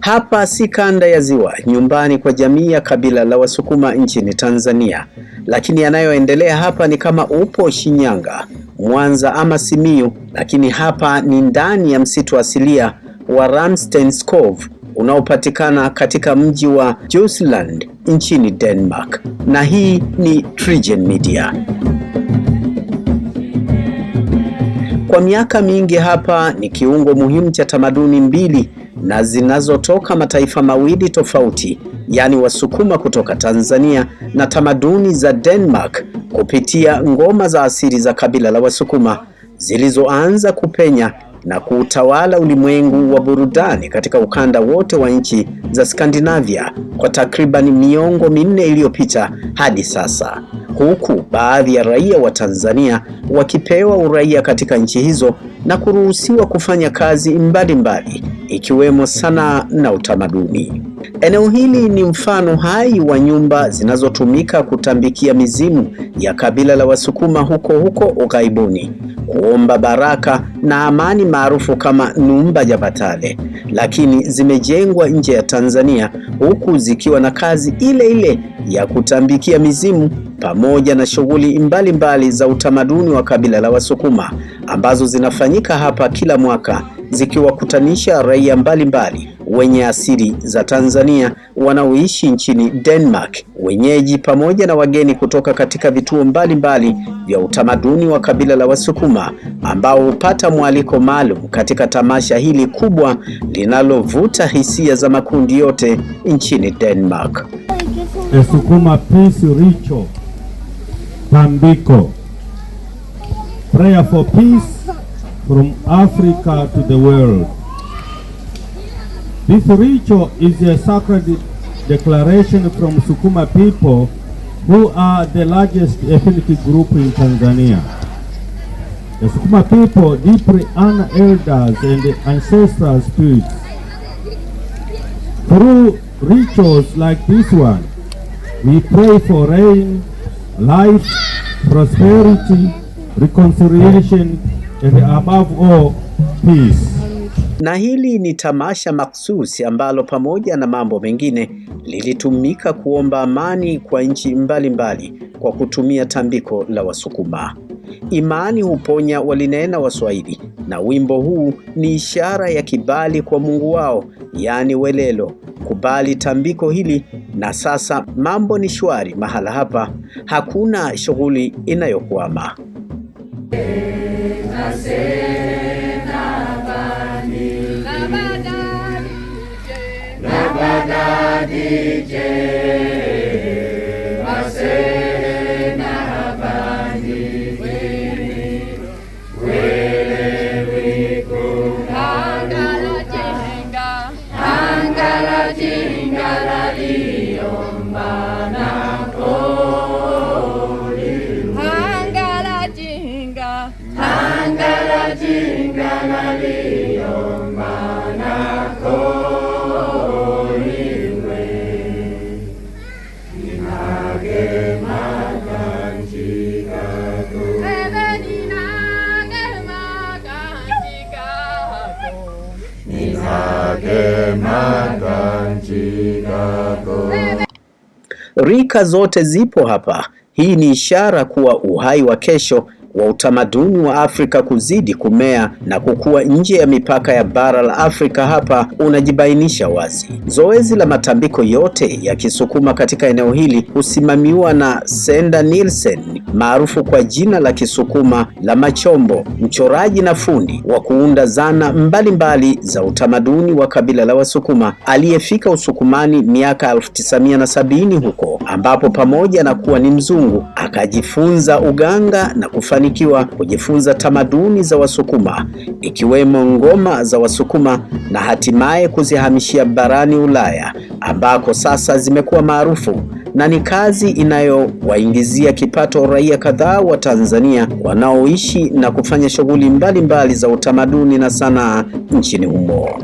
Hapa si kanda ya Ziwa, nyumbani kwa jamii ya kabila la Wasukuma nchini Tanzania, lakini yanayoendelea hapa ni kama upo Shinyanga, Mwanza ama Simiyu, lakini hapa ni ndani ya msitu asilia wa Ramstens Cove unaopatikana katika mji wa Jutland nchini Denmark, na hii ni TriGen Media. Kwa miaka mingi hapa ni kiungo muhimu cha tamaduni mbili na zinazotoka mataifa mawili tofauti, yaani Wasukuma kutoka Tanzania na tamaduni za Denmark kupitia ngoma za asili za kabila la Wasukuma zilizoanza kupenya na kuutawala ulimwengu wa burudani katika ukanda wote wa nchi za Skandinavia kwa takriban miongo minne iliyopita hadi sasa huku baadhi ya raia wa Tanzania wakipewa uraia katika nchi hizo na kuruhusiwa kufanya kazi mbalimbali ikiwemo sanaa na utamaduni. Eneo hili ni mfano hai wa nyumba zinazotumika kutambikia mizimu ya kabila la Wasukuma huko huko ughaibuni, kuomba baraka na amani maarufu kama Numba jabatale lakini zimejengwa nje ya Tanzania huku zikiwa na kazi ile ile ya kutambikia mizimu pamoja na shughuli mbalimbali za utamaduni wa kabila la Wasukuma ambazo zinafanyika hapa kila mwaka zikiwakutanisha raia mbalimbali wenye asili za Tanzania wanaoishi nchini Denmark, wenyeji pamoja na wageni kutoka katika vituo mbalimbali vya utamaduni wa kabila la Wasukuma ambao hupata mwaliko maalum katika tamasha hili kubwa linalovuta hisia za makundi yote nchini Denmark. The Peace Ritual Tambiko. Prayer for peace from Africa to the world. This ritual is a sacred declaration from Sukuma people who are the largest ethnic group in Tanzania. The Sukuma people deeply honor elders and ancestral spirits. Through rituals like this one, we pray for rain, life, prosperity, reconciliation and above all peace. Na hili ni tamasha maksusi ambalo pamoja na mambo mengine lilitumika kuomba amani kwa nchi mbalimbali kwa kutumia tambiko la Wasukuma. Imani huponya walinena Waswahili, na wimbo huu ni ishara ya kibali kwa Mungu wao, yaani welelo. Kubali tambiko hili, na sasa mambo ni shwari mahala hapa, hakuna shughuli inayokwama. Rika zote zipo hapa. Hii ni ishara kuwa uhai wa kesho wa utamaduni wa Afrika kuzidi kumea na kukua nje ya mipaka ya bara la Afrika hapa unajibainisha wazi. Zoezi la matambiko yote ya Kisukuma katika eneo hili husimamiwa na Senda Nielsen maarufu kwa jina la Kisukuma la Machombo, mchoraji na fundi wa kuunda zana mbalimbali mbali za utamaduni wa kabila la Wasukuma aliyefika Usukumani miaka 1970 huko ambapo pamoja na kuwa ni mzungu akajifunza uganga na kufanya amefanikiwa kujifunza tamaduni za Wasukuma ikiwemo ngoma za Wasukuma na hatimaye kuzihamishia barani Ulaya ambako sasa zimekuwa maarufu na ni kazi inayowaingizia kipato raia kadhaa wa Tanzania wanaoishi na kufanya shughuli mbalimbali za utamaduni na sanaa nchini humo.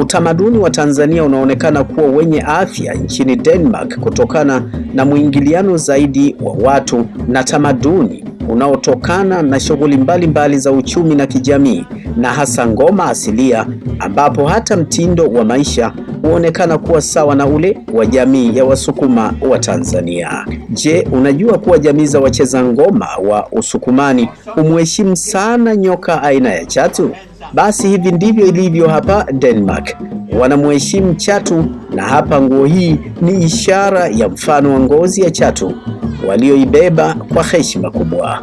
Utamaduni wa Tanzania unaonekana kuwa wenye afya nchini Denmark kutokana na mwingiliano zaidi wa watu na tamaduni unaotokana na shughuli mbalimbali za uchumi na kijamii na hasa ngoma asilia ambapo hata mtindo wa maisha huonekana kuwa sawa na ule wa jamii ya Wasukuma wa Tanzania. Je, unajua kuwa jamii za wacheza ngoma wa Usukumani humheshimu sana nyoka aina ya chatu? Basi hivi ndivyo ilivyo hapa Denmark, wanamheshimu chatu, na hapa nguo hii ni ishara ya mfano wa ngozi ya chatu walioibeba kwa heshima kubwa.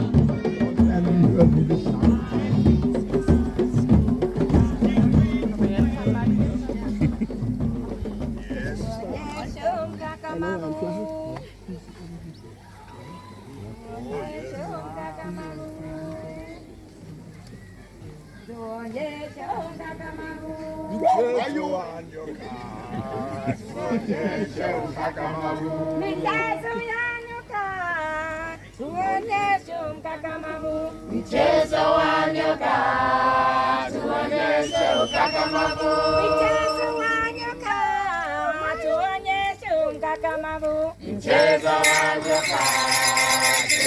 Mchezo wa nyoka tuonyeshe ukakamavu, mchezo wa nyoka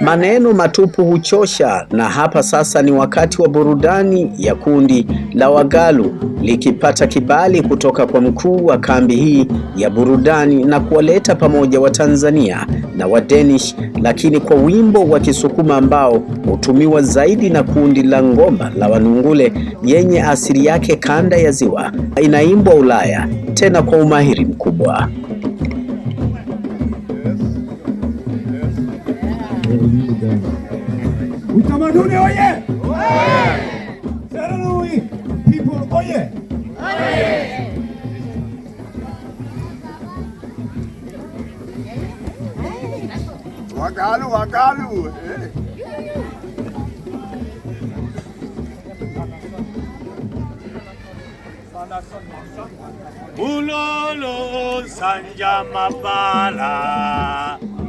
Maneno matupu huchosha, na hapa sasa ni wakati wa burudani ya kundi la Wagalu likipata kibali kutoka kwa mkuu wa kambi hii ya burudani na kuwaleta pamoja Watanzania na wadenish lakini kwa wimbo wa Kisukuma ambao hutumiwa zaidi na kundi la ngoma la Wanungule yenye asili yake kanda ya Ziwa, inaimbwa Ulaya tena kwa umahiri mkubwa. Utamaduni oye! Seralui people oye! Wakalu, wakalu! Eh. Ulolo Sanjamapala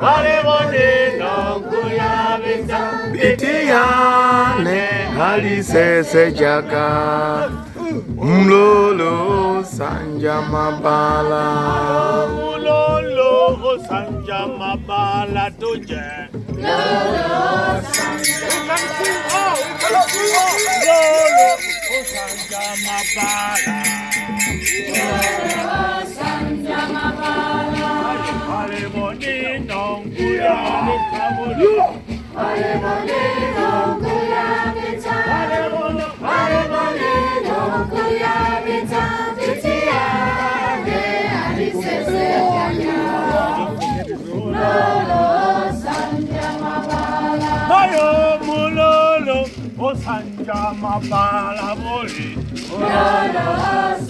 wale wote nonkuyabenza bitiyane halisesejaka mlolo sanja mabala mlolo sanja mabala tuje mlolo sanja mabala Mulolo, oh, Sanja Mabala, Mulolo, oh, Sanja Mabala, Mulolo, oh, Sanja Mabala, Mulolo, oh, Sanja Mabala, Mulolo, oh, Sanja Mabala, Mulolo, Mulolo, oh, Sanja Mabala, Mulolo, oh, Sanja Mabala, Mulolo, oh, Sanja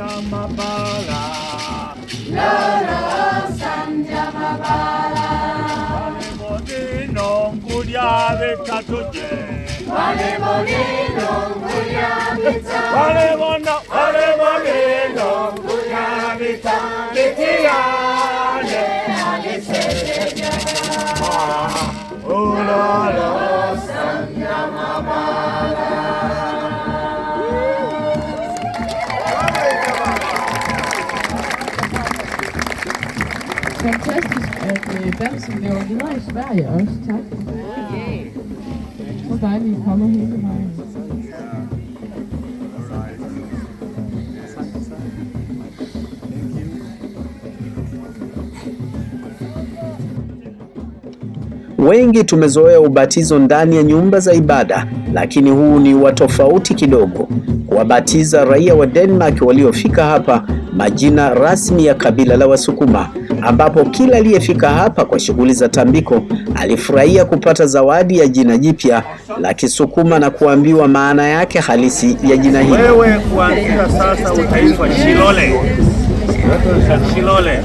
Sanjamabala. Lolo Sanjamabala. Wale bonino nguria vikatuje. Wale bonino nguria vita. Wale bono, wale bonino nguria vita. Vitiane. Alisete jaga. Oh, lolo. Sverige Wengi tumezoea ubatizo ndani ya nyumba za ibada, lakini huu ni wa tofauti kidogo. Kuwabatiza raia wa Denmark waliofika hapa majina rasmi ya kabila la Wasukuma ambapo kila aliyefika hapa kwa shughuli za tambiko alifurahia kupata zawadi ya jina jipya la Kisukuma na kuambiwa maana yake halisi ya jina hilo. Wewe kuanzia sasa utaitwa Shilole. Shilole.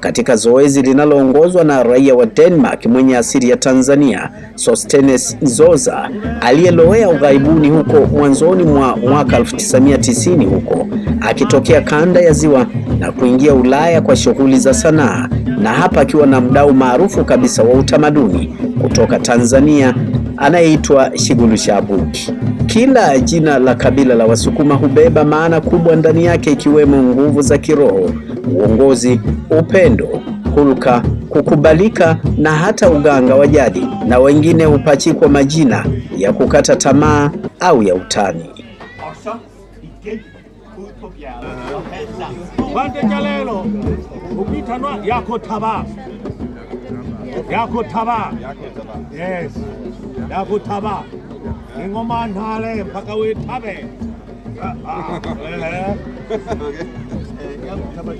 katika zoezi linaloongozwa na raia wa Denmark mwenye asili ya Tanzania, Sostenes Zoza aliyelowea ughaibuni huko mwanzoni mwa mwaka 1990 huko akitokea kanda ya ziwa na kuingia Ulaya kwa shughuli za sanaa, na hapa akiwa na mdau maarufu kabisa wa utamaduni kutoka Tanzania anayeitwa Shigulu Shabuki. Kila jina la kabila la Wasukuma hubeba maana kubwa ndani yake, ikiwemo nguvu za kiroho, uongozi, upendo, hulka, kukubalika na hata uganga wa jadi, na wengine hupachikwa majina ya kukata tamaa au ya utani. I mean,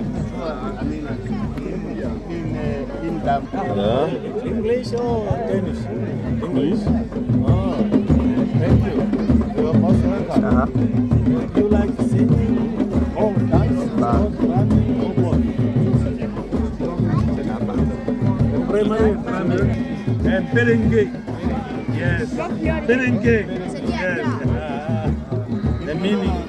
English or Danish? English. Oh, thank you. You are most welcome. Uh -huh. You like to sing? Oh, dance, Ah. Oh, running, oh, uh-huh. what? Primary, primary. And uh, Perenge. Yes. Perenge. Yes. Uh, the meaning.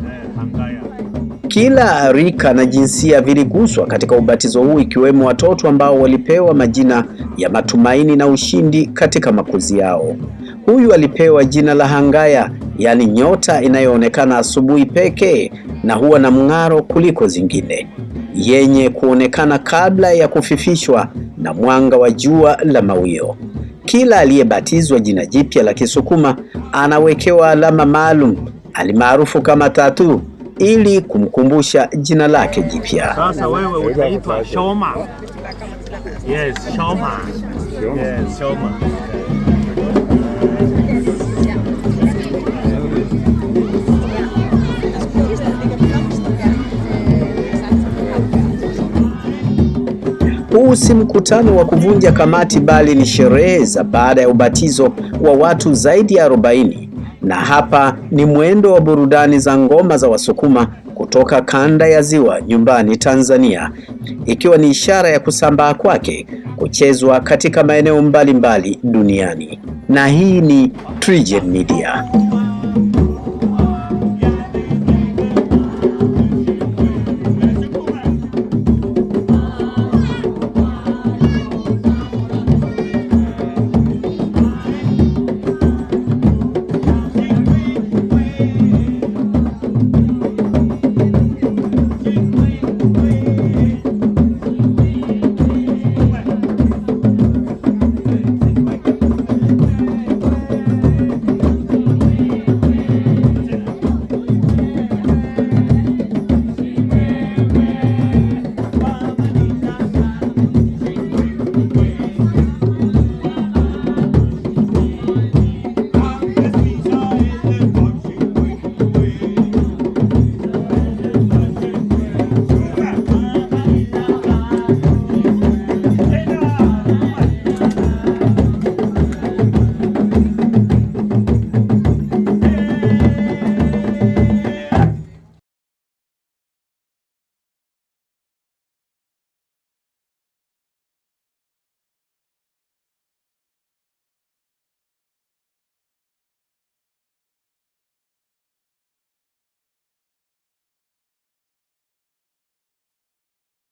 Kila rika na jinsia viliguswa katika ubatizo huu, ikiwemo watoto ambao walipewa majina ya matumaini na ushindi katika makuzi yao. Huyu alipewa jina la Hangaya, yaani nyota inayoonekana asubuhi pekee na huwa na mng'aro kuliko zingine, yenye kuonekana kabla ya kufifishwa na mwanga wa jua la mawio. Kila aliyebatizwa jina jipya la Kisukuma anawekewa alama maalum alimaarufu kama tatu ili kumkumbusha jina lake jipya. Sasa wewe utaitwa Shoma. Yes, Shoma. Yes, Shoma. Huu si mkutano wa kuvunja kamati bali ni sherehe za baada ya ubatizo wa watu zaidi ya 40 na hapa ni mwendo wa burudani za ngoma za Wasukuma kutoka kanda ya Ziwa nyumbani Tanzania, ikiwa ni ishara ya kusambaa kwake kuchezwa katika maeneo mbalimbali duniani. Na hii ni TriGen Media.